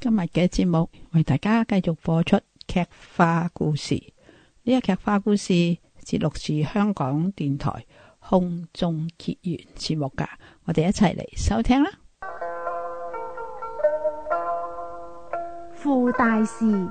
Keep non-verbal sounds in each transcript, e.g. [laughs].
今日嘅節目為大家繼續播出劇化故事，呢個劇化故事節錄自香港電台空中結緣節目噶，我哋一齊嚟收聽啦。傅大士。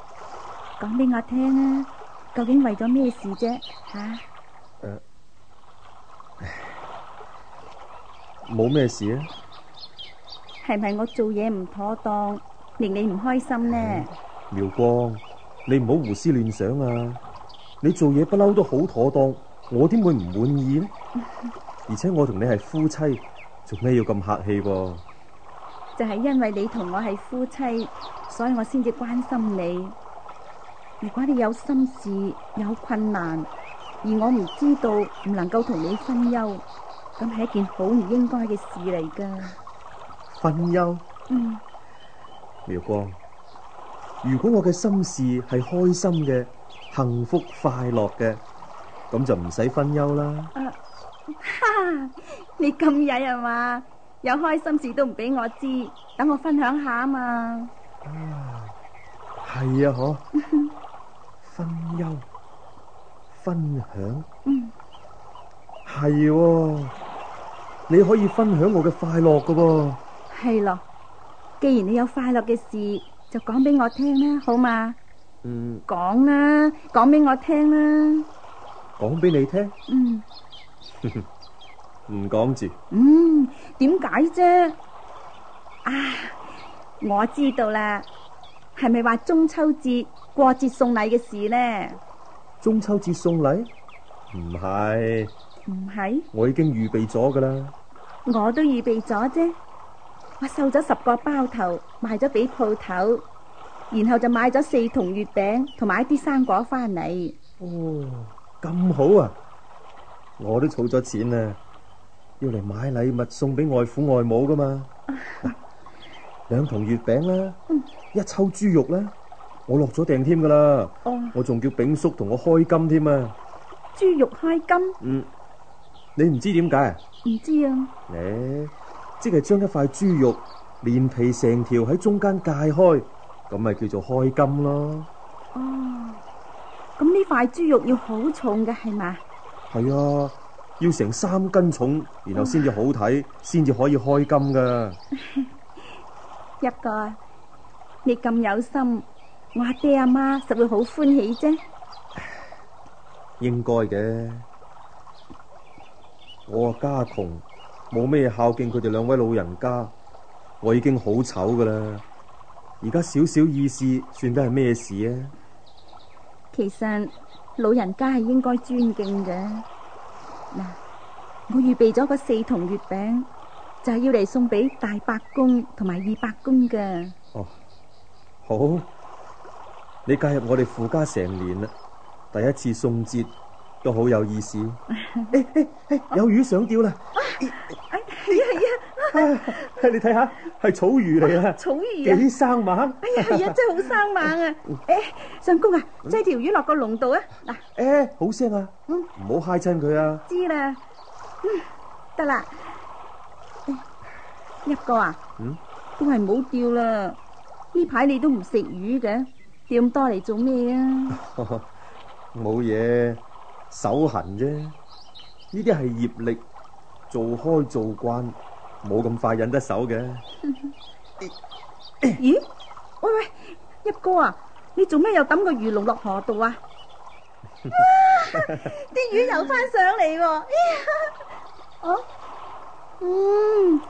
講俾我聽啊！究竟為咗咩事啫？吓，誒，冇咩事啊？係咪我做嘢唔妥當，令你唔開心呢？苗光，你唔好胡思亂想啊！你做嘢不嬲都好妥當，我點會唔滿意？而且我同你係夫妻，做咩要咁客氣噃？就係因為你同我係夫妻，所以我先至關心你。如果你有心事有困難，而我唔知道，唔能夠同你分憂，咁係一件好唔應該嘅事嚟噶。分憂。嗯。妙光，如果我嘅心事係開心嘅、幸福快樂嘅，咁就唔使分憂啦。啊！哈！你咁曳啊嘛？有開心事都唔俾我知，等我分享下啊嘛。啊！係啊！嗬。分憂，分享，嗯，係，你可以分享我嘅快樂噶噃。係咯，既然你有快樂嘅事，就講俾我聽啦，好嘛？嗯，講啦，講俾我聽啦。講俾你聽？嗯。唔講住。嗯，點解啫？啊，我知道啦，係咪話中秋節？過節送禮嘅事呢？中秋節送禮唔係唔係？我已經預備咗噶啦。我都預備咗啫。我收咗十個包頭，賣咗俾鋪頭，然後就買咗四桶月餅同埋一啲生果翻嚟。哦，咁好啊！我都儲咗錢啊，要嚟買禮物送俾外父外母噶嘛。兩桶月餅啦，一抽豬肉啦。我落咗訂添噶啦，哦、我仲叫炳叔同我開金添啊！豬肉開金？嗯，你唔知點解？唔知啊？誒、哎，即係將一塊豬肉連皮成條喺中間解開，咁咪叫做開金咯。哦，咁呢塊豬肉要好重嘅係嘛？係啊，要成三斤重，然後先至好睇，先至、哦、可以開金噶。一哥， [laughs] 你咁有心。我阿爹阿媽實會好歡喜啫，應該嘅。我家窮，冇咩孝敬佢哋兩位老人家，我已經好醜噶啦。而家少少意思算，算得係咩事啊？其實老人家係應該尊敬嘅。嗱，我預備咗個四筒月餅，就係要嚟送俾大伯公同埋二伯公嘅。哦，好。你介入我哋傅家成年啦，第一次送節都好有意思。 [laughs] 欸欸欸、有魚想釣啦！係啊係啊，哎哎哎、你睇下係草魚嚟啊，草魚幾、啊、生猛！哎呀，係啊，真係好生猛啊！誒、哎，相公啊，將條魚落個籠度啊！嗱，誒，好聲啊，唔好嗨親佢啊！知啦，得、嗯、啦、哎，一哥啊，都係唔好釣啦。呢排你都唔食魚嘅。點多嚟，做咩啊？冇嘢，手痕啫。呢啲係業力做開做慣，冇咁快忍得手嘅。咦？喂喂，一哥啊，你做咩又抌個魚籠落河度啊？啲魚游翻上嚟喎！啊，嗯，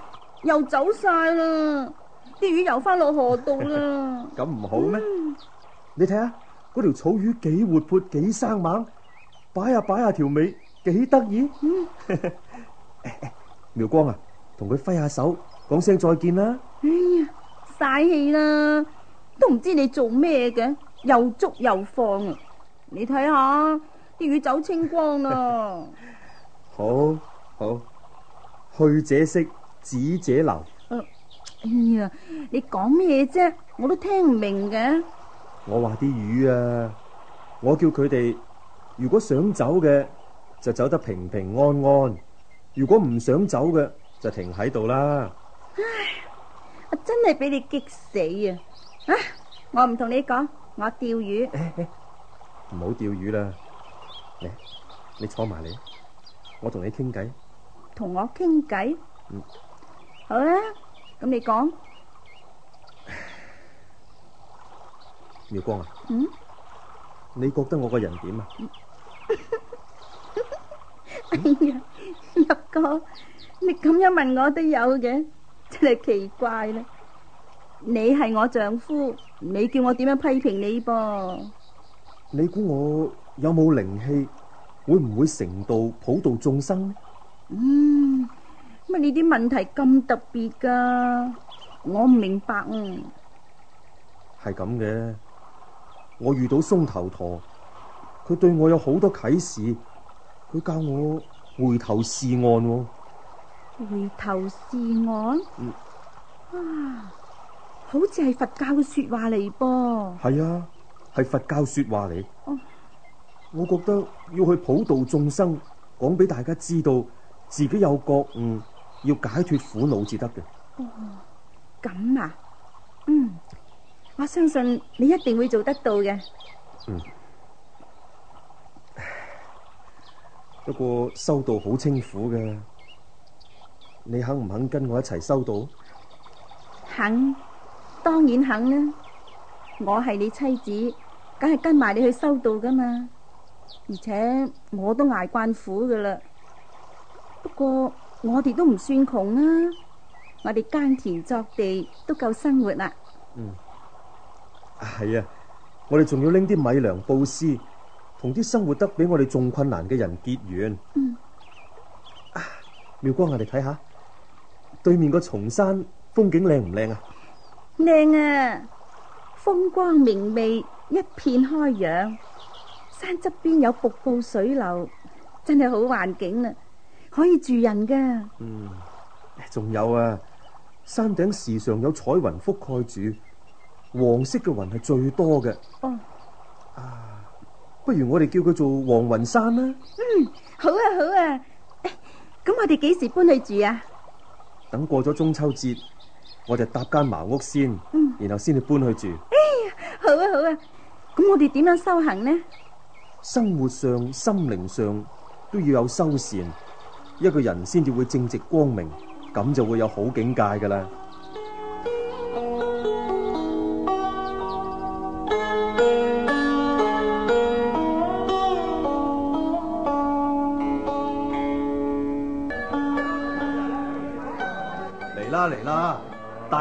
又走晒啦！啲魚游翻落河度啦。咁唔好咩？你睇下嗰條草魚幾活潑，幾生猛，擺下擺下條尾，幾得意。嗯、 [laughs] 哎，妙、哎、光啊，同佢揮下手，講聲再見啦。哎呀，晒氣啦，都唔知你做咩嘅，又捉又放啊！你睇下啲魚走清光啦。 [laughs] 好，好，去者識，止者留。誒、哎、呀，你講咩啫？我都聽唔明嘅。我話啲魚啊，我叫佢哋如果想走嘅就走得平平安安，如果唔想走嘅就停喺度啦唉。唉，我真係俾你激死啊！啊，我唔同你講，我釣魚。唉，唔好釣魚啦，嚟，你坐埋嚟，我同你傾偈。同我傾偈？嗯，好啦、啊，咁你講。妙光啊，嗯，你覺得我個人點啊？哎呀，若哥，你咁樣問我都有嘅，真係奇怪啦。你係我丈夫，你叫我點樣批評你噃？你估我有冇靈氣？會唔會成道普度眾生？嗯，乜你啲問題咁特別噶？我唔明白嗯。係咁嘅。我遇到松頭陀，佢對我有好多啟示，佢教我回頭是岸，哦。回頭是岸，嗯，啊，好似係佛教嘅說話嚟噃。係啊，係佛教說話嚟。哦，我覺得要去普度眾生，講俾大家知道自己有覺悟，要解脫苦惱，至得嘅。哦，咁啊，嗯。我相信你一定會做得到嘅。嗯，不過修道好清苦嘅，你肯唔肯跟我一齊修道？肯，當然肯啦。我係你妻子，梗係跟埋你去修道噶嘛。而且我都挨慣苦噶啦。不過我哋都唔算窮啊，我哋耕田作地都夠生活啦。嗯。係啊，我哋仲要拎啲米糧布施，同啲生活得比我哋仲困難嘅人結緣。嗯、啊，妙光、啊，我哋睇下對面個松山風景靚唔靚啊？靚啊，風光明媚，一片開揚。山側邊有瀑布水流，真係好環境啊，可以住人噶。嗯，仲有啊，山頂時常有彩雲覆蓋住。黃色嘅雲係最多嘅。哦，啊，不如我哋叫佢做黃雲山啦。嗯，好啊，好啊。咁、哎、我哋幾時搬去住啊？等過咗中秋節，我就搭間茅屋先，嗯、然後先去搬去住。哎，好啊，好啊。咁我哋點樣修行呢？生活上、心靈上都要有修善，一個人先至會正直光明，咁就會有好境界噶啦。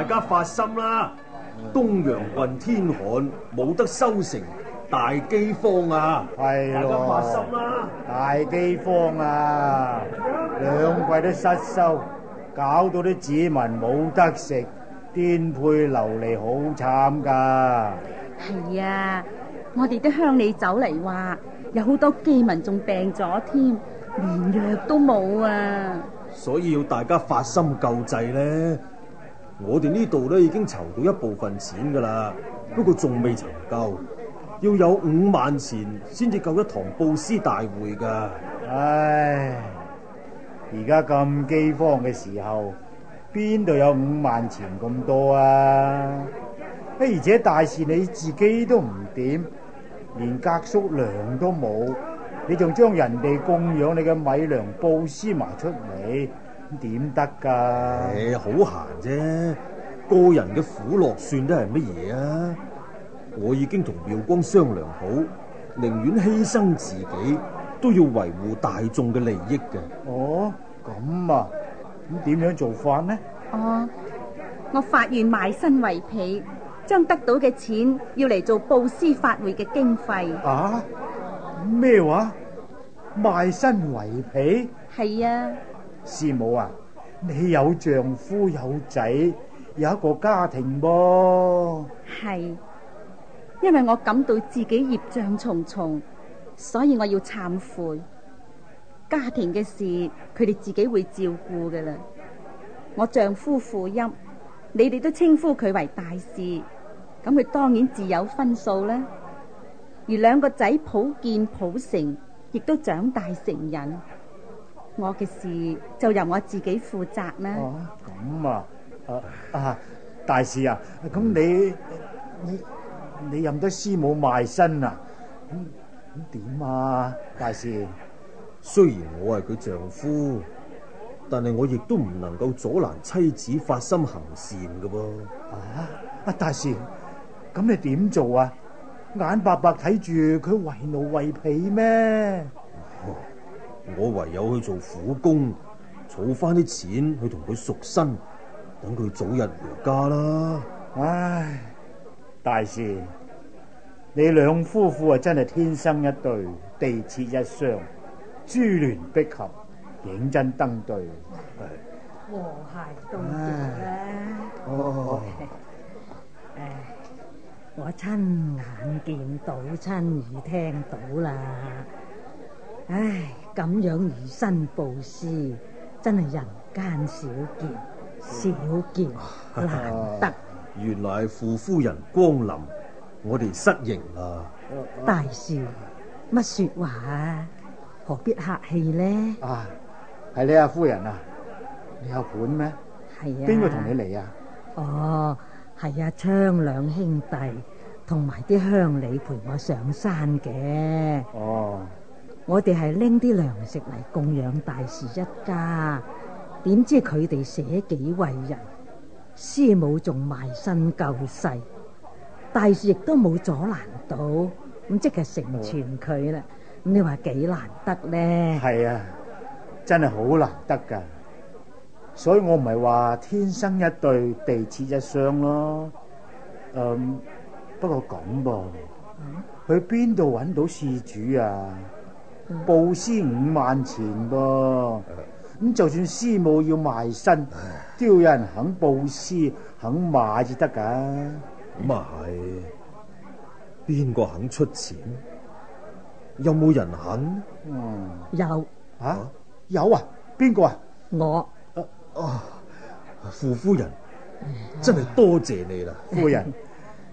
大家發心啦！東陽郡天旱，冇得收成，大饑荒啊！係啊，大家發心啦！大饑荒啊，兩季都失收，搞到啲子民冇得食，顛沛流離，好慘噶！係啊，我哋啲鄉里走嚟話，有好多饑民仲病咗添，連藥都冇啊！所以要大家發心救濟咧。我哋呢度咧已經籌到一部分錢噶啦，不過仲未籌夠，要有五萬錢先至夠一堂布施大會噶。唉，而家咁饑荒嘅時候，邊度有五萬錢咁多啊？不而且大事你自己都唔掂，連隔宿糧都冇，你仲將人哋供養你嘅米糧布施埋出嚟？點得噶？好閒啫。個人嘅苦樂算得係乜嘢啊？我已經同妙光商量好，寧願犧牲自己都要維護大眾嘅利益嘅。哦，咁啊，咁點樣做法呢？哦，我發願賣身為婢，將得到嘅錢要嚟做布施法會嘅經費。啊？咩話？賣身為婢？係啊。師母啊，你有丈夫有仔，有一個家庭噃。係，因為我感到自己業障重重，所以我要懺悔。家庭嘅事，佢哋自己會照顧噶啦。我丈夫傅音，你哋都稱呼佢為大師，咁佢當然自有分數啦。而兩個仔普建普成，亦都長大成人。我嘅事就由我自己負責啦。咁啊，啊啊！大師啊，咁你你你任得師母賣身啊？咁咁點啊？大師，雖然我係佢丈夫，但係我亦都唔能夠阻攔妻子發心行善噶噃。啊啊！大師，咁你點做啊？眼白白睇住佢為奴為婢咩？我唯有去做苦工，儲翻啲錢去同佢贖身，等佢早日回家啦。唉，大事，你兩夫婦啊，真係天生一對，地設一雙，珠聯璧合，認真登對，和諧登對啦！哦，誒，我親眼見到，親耳聽到啦，唉。咁樣以身布施，真係人間少見、少見、難得。 [laughs] 原來傅夫人光臨，我哋失迎啦。大少，乜說話啊？何必客氣呢？啊，係你阿、啊、夫人啊？你有款咩？係啊。邊個同你嚟啊？哦，係阿、啊、昌兩兄弟同埋啲鄉里陪我上山嘅。哦。我哋係拎啲糧食嚟供養大事一家，點知佢哋捨己為人，師母仲賣身救世，大事亦都冇阻攔到，咁即係成全佢啦。咁我你話幾難得呢？係啊，真係好難得噶。所以我唔係話天生一對地設一雙咯。嗯，不過咁噃，嗯，去邊度搵到事主啊？報施五萬錢噃，咁、呃、就算師母要賣身，唉都要有人肯報施、肯賣至得㗎。咁啊係，邊個肯出錢？有冇人肯？有啊，有啊，邊個我啊？我。哦，傅夫人，唉真係多謝，謝你啦，唉夫人，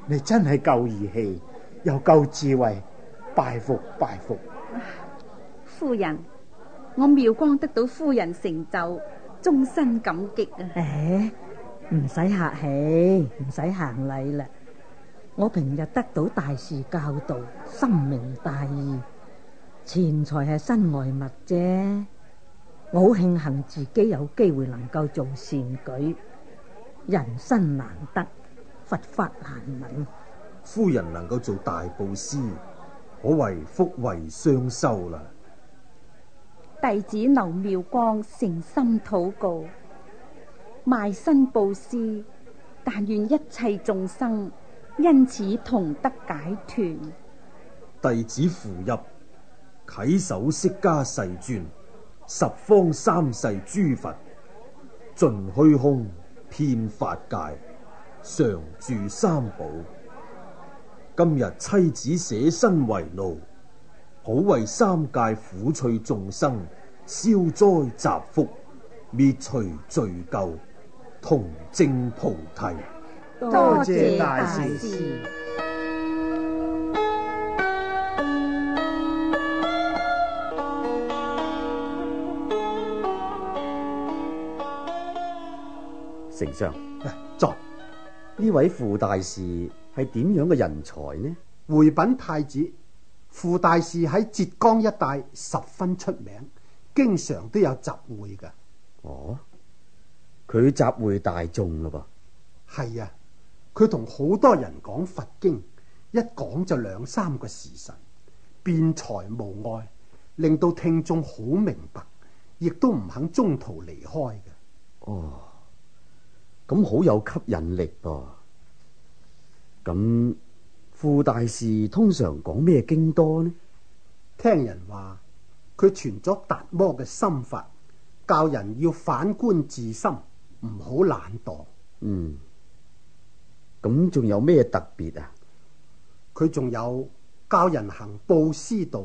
你真係夠義氣，又夠智慧，拜服拜服。夫人，我妙光得到夫人成就，終身感激啊！誒，唔使客氣，唔使行禮啦。我平日得到大士教導，深明大義，錢財係身外物啫。我好慶幸自己有機會能夠做善舉，人生難得，佛法難聞。夫人能夠做大布施，可謂福慧雙修啦。弟子劉妙光誠心禱告，賣身布施，但願一切眾生因此同得解脱。弟子扶入，啟首釋迦世尊，十方三世諸佛盡虛空遍法界常住三寶。今日妻子捨身為奴。好為三界苦趣眾生消災集福，滅除罪垢，同證菩提。多謝大士。丞相，坐。呢位傅大士係點樣嘅人才呢？回禀太子。傅大士喺浙江一帶十分出名，經常都有集會噶。哦，佢集會大眾咯噃。係啊，佢同好多人講佛經，一講就兩三個時辰，辯才無礙，令到聽眾好明白，亦都唔肯中途離開嘅。哦，咁好有吸引力噃。咁。傅大師通常講咩經多呢？聽人話，佢傳咗達摩嘅心法，教人要反觀自心，唔好懶惰。嗯，咁仲有咩特別呀？佢仲有教人行布施道，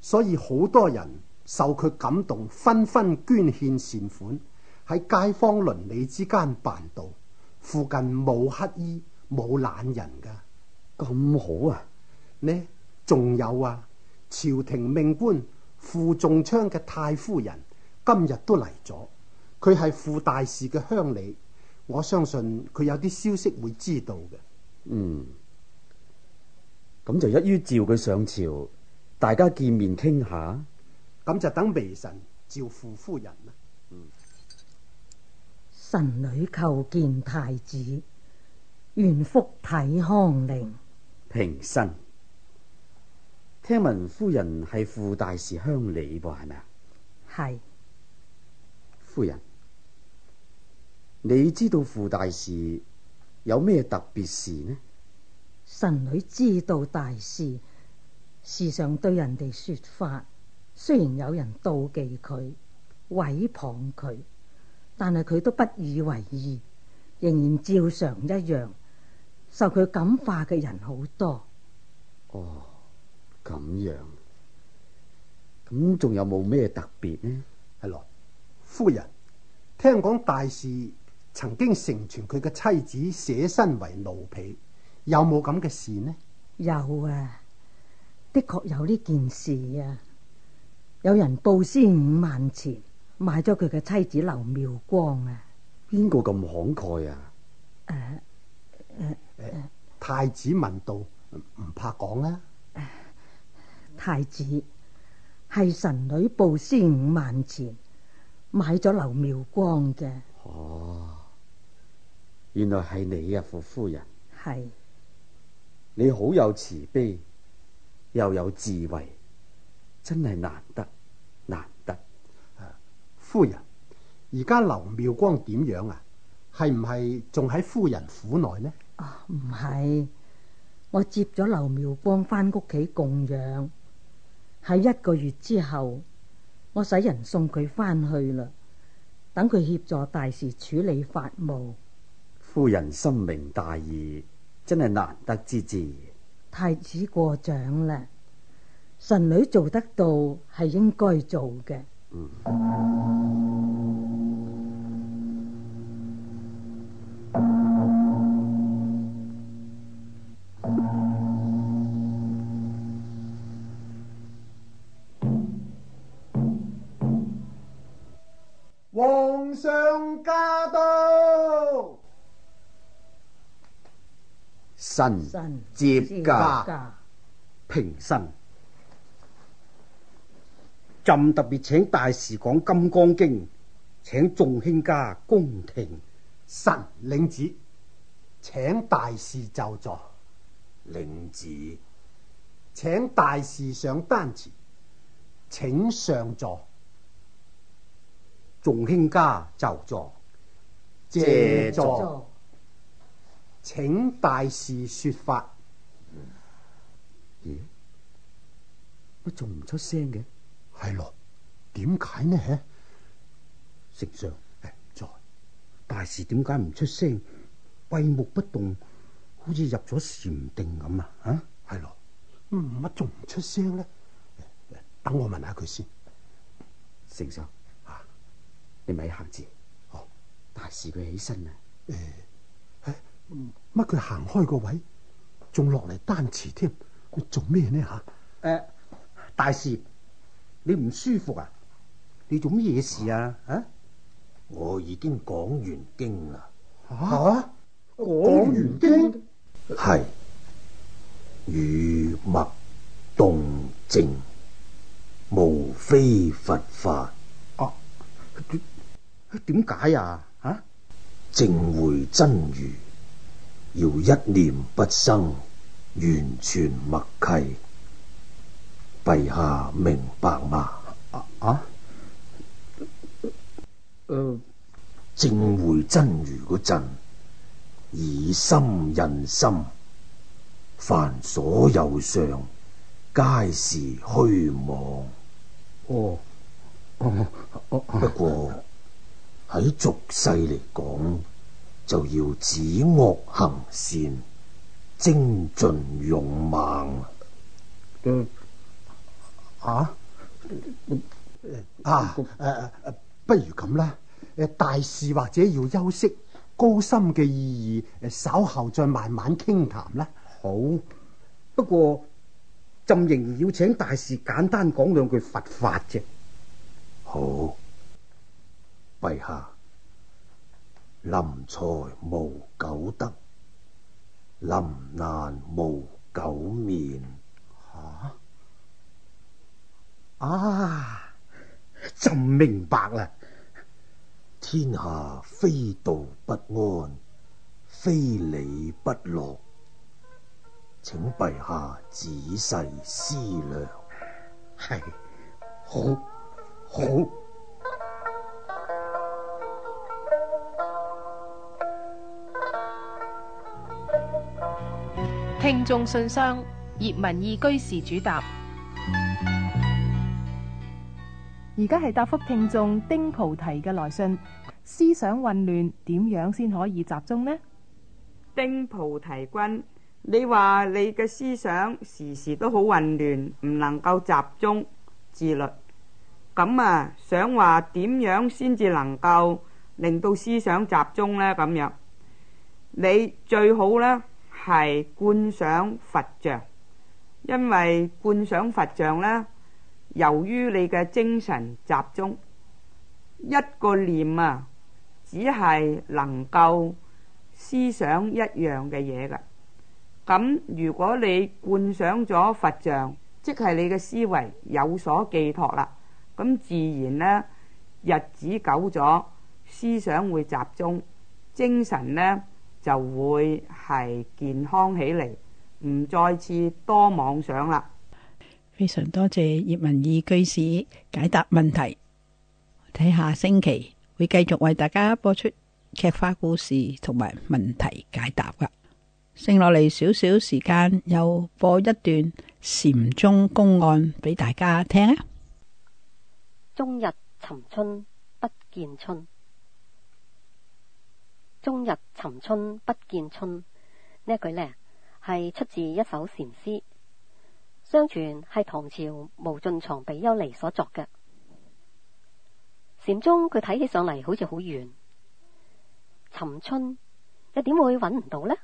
所以好多人受佢感動，紛紛捐獻善款，喺街坊鄰里之間辦道，附近冇乞衣，冇懶人㗎。咁好啊！呢仲有啊，朝廷命官傅仲昌嘅太夫人今日都嚟咗。佢係傅大士嘅鄉里，我相信佢有啲消息會知道嘅。嗯，咁就一於召佢上朝，大家見面傾下。咁就等微臣召傅夫人啦。嗯，神女叩見太子，願福體康寧。平身，聽聞夫人係傅大士鄉里噃，係咪啊？係，是夫人，你知道傅大士有咩特別事呢？神女知道大士時常對人哋說法，雖然有人妒忌佢、毀謗佢，但係佢都不以為意，仍然照常一樣。受佢感化嘅人好多哦。咁樣咁仲有冇咩特別呢？係咯，夫人，聽講大事曾經成全佢嘅妻子捨身為奴婢，有冇咁嘅事呢？有啊，的確有呢件事啊，有人布施五萬錢買咗佢嘅妻子劉妙光啊，邊個咁慷慨啊？誒誒、呃。呃太子問道：唔怕講啊？太子，係神女布施五萬錢買咗劉妙光嘅。哦，原來係你啊，夫人。係。你好有慈悲，又有智慧，真係難得難得。難得，夫人而家劉妙光點樣啊？係唔係仲喺夫人府內呢？哦，唔係，我接咗劉苗光翻屋企供養，喺一個月之後，我使人送佢翻去啦，等佢協助大事處理法務。夫人深明大義，真係難得之至。太子過獎啦，神女做得到係應該做嘅。嗯皇上駕到，臣接駕，平身。朕特別請大士講《金剛經》，請眾卿家恭聽。臣領旨，請大士就座。領旨，請大士上丹墀，請上座。仲卿家就座，借座，請大事說法。咦、嗯，乜仲唔出聲嘅？係咯，點解呢？丞相、欸、在，大事點解唔出聲？閉目不動，好似入咗禪定咁啊！啊，係咯的，乜仲唔出聲呢？等、欸、我問下佢先，丞相。你咪行住哦！大士佢起身啊！誒、呃，乜佢行開個位，仲落嚟單詞添？佢做咩呢吓？誒，大士，你唔舒服啊？你做咩、啊呃、事啊？啊！我已經講完經啦。吓，講完經係語默動靜，無非佛法。啊。啊啊點解呀？啊！正回真如要一念不生，完全默契，陛下明白嗎？啊啊！誒，正回真如嗰陣以心印心，凡所有相皆是虛妄。哦哦哦。不過。喺俗世嚟講，就要止惡行善，精進勇猛。嗯，啊，啊，不如咁啦，大師或者要休息，高深嘅意義，稍後再慢慢傾談啦。好，不過朕仍然要請大師簡單講兩句佛法啫。好。陛下，臨財無久得，臨難無久免。吓？啊！朕、啊、明白啦。天下非道不安，非禮不樂。請陛下仔細思量。係好，好。眾信商葉文義居士主答，而家係答覆聽眾丁菩提嘅來信思想混亂，點樣先可以集中呢？丁菩提君，你話你嘅思想時時都好混亂，唔能夠集中自律。咁啊，想話點樣先至能夠令到思想集中呢？咁樣，你最好呢。係觀想佛像，因為觀想佛像呢，由於你嘅精神集中，一個念啊，只係能夠思想一樣嘅嘢㗎。咁如果你觀想咗佛像，即係你嘅思維有所寄託啦。咁自然呢，日子久咗，思想會集中，精神呢。就會係健康起嚟，唔再次多妄想啦。非常多謝葉文義居士解答問題。我睇下星期會繼續為大家播出劇花故事同埋問題解答噶。剩落嚟少少時間，又播一段禪宗公案俾大家聽啊！終日尋春不見春。終日尋春不見春，呢句呢，係出自一首禪詩，相傳係唐朝無盡藏比丘尼所作嘅禪宗。佢睇起上嚟好似好遠，尋春又點會搵唔到呢？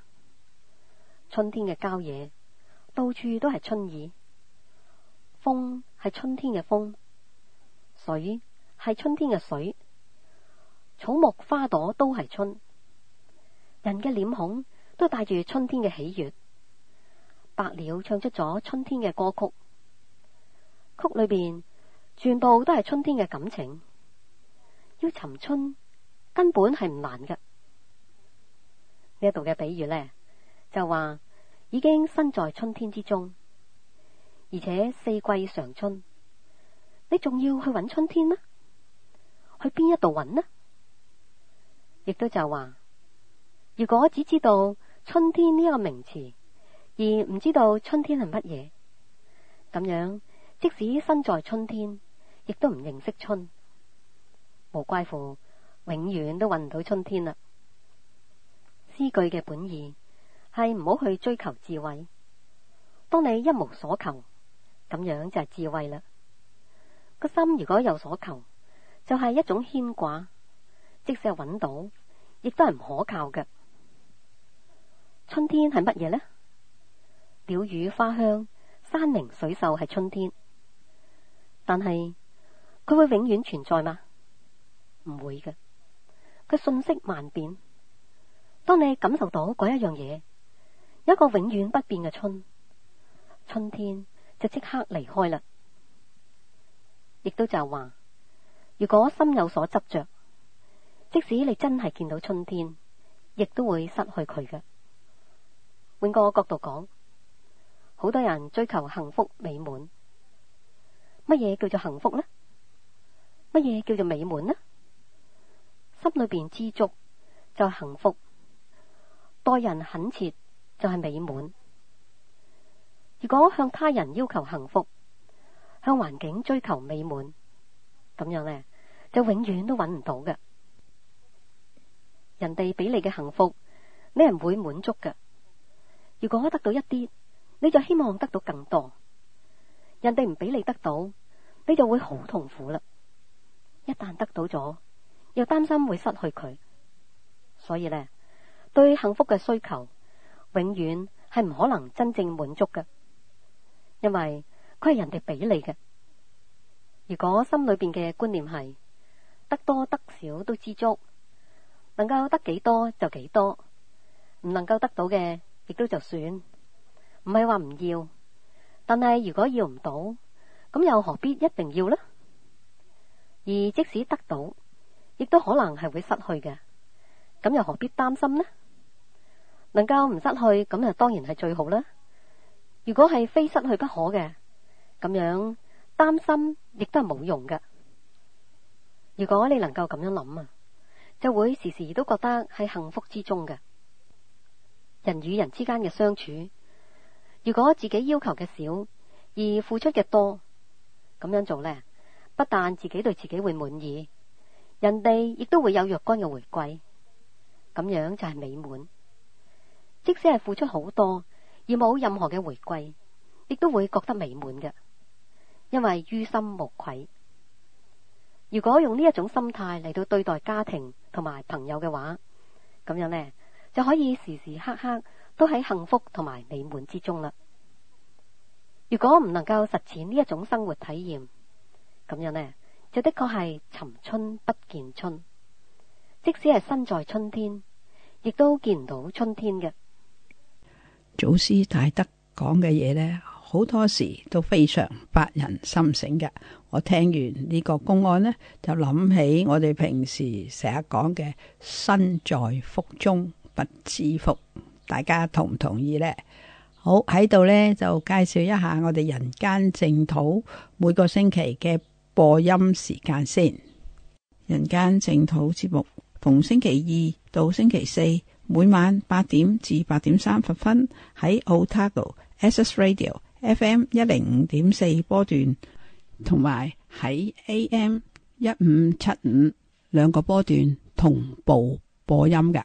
春天嘅郊野到處都係春意，風係春天嘅風，水係春天嘅水，草木花朵都係春。人嘅臉孔都帶住春天嘅喜悅，白鳥唱出咗春天嘅歌曲，曲裏邊全部都係春天嘅感情。要尋春根本係唔難嘅。呢一度嘅比喻呢，就話已經身在春天之中，而且四季常春，你仲要去搵春天咩？去邊一度搵呢？亦都就話。如果只知道春天呢個名詞，而唔知道春天係乜嘢，咁樣即使身在春天，亦都唔認識春，無怪乎永遠都搵唔到春天啦。詩句嘅本意係唔好去追求智慧，當你一無所求，咁樣就係智慧啦。個心如果有所求，就係一種牽掛，即使係搵到，亦都係唔可靠嘅。春天係乜嘢呢？鳥語花香、山明水秀係春天，但係佢會永遠存在嗎？唔會嘅，佢瞬息萬變。當你感受到嗰一樣嘢，一個永遠不變嘅春，春天就即刻離開啦。亦都就係話，如果心有所執着，即使你真係見到春天，亦都會失去佢嘅。換個角度講，好多人追求幸福美滿。乜嘢叫做幸福呢？乜嘢叫做美滿呢？心裏邊知足就幸福，待人懇切就係美滿。如果向他人要求幸福，向環境追求美滿，咁樣呢，就永遠都搵唔到嘅。人哋俾你嘅幸福，咩人會滿足嘅。如果得到一啲，你就希望得到更多。人哋唔俾你得到，你就會好痛苦啦。一旦得到咗，又擔心會失去佢。所以呢，對幸福嘅需求，永遠係唔可能真正滿足嘅，因為佢係人哋俾你嘅。如果心裏邊嘅觀念係得多得少都知足，能夠得幾多就幾多，唔能夠得到嘅。亦都就算，唔係話唔要，但係如果要唔到，咁又何必一定要呢？而即使得到，亦都可能係會失去嘅，咁又何必擔心呢？能夠唔失去，咁就當然係最好啦。如果係非失去不可嘅，咁樣擔心亦都係冇用㗎。如果你能夠咁樣諗啊，就會時時都覺得喺幸福之中嘅。人與人之間嘅相處，如果自己要求嘅少而付出嘅多，咁樣做呢，不但自己對自己會滿意，人哋亦都會有若干嘅回饋，咁樣就係美滿。即使係付出好多而冇任何嘅回饋，亦都會覺得美滿嘅，因為於心無愧。如果用呢一種心態嚟到對待家庭同埋朋友嘅話，咁樣呢。就可以時時刻刻都喺幸福同埋美滿之中啦。如果唔能夠實踐呢一種生活體驗，咁樣呢，就的確係尋春不見春。即使係身在春天，亦都見唔到春天嘅。祖師大德講嘅嘢呢，好多時都非常發人深省嘅。我聽完呢個公案呢，就諗起我哋平時成日講嘅身在福中不知福，大家同唔同意呢？好喺度呢，就介紹一下我哋人間淨土每個星期嘅播音時間先。人間淨土節目逢星期二到星期四，每晚八點至八點三十分喺 Otago SS Radio FM 一零五點四波段，同埋喺 AM 一五七五兩個波段同步播音嘅。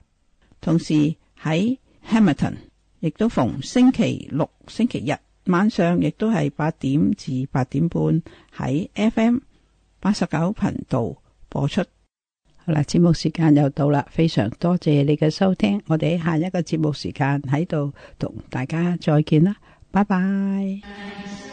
同時喺 Hamilton，亦都逢星期六、星期日晚上，亦都係八點至八點半喺 FM 八十九頻道播出。好啦，節目時間又到啦，非常多謝你嘅收聽，我哋下一個節目時間喺度同大家再見啦，拜拜。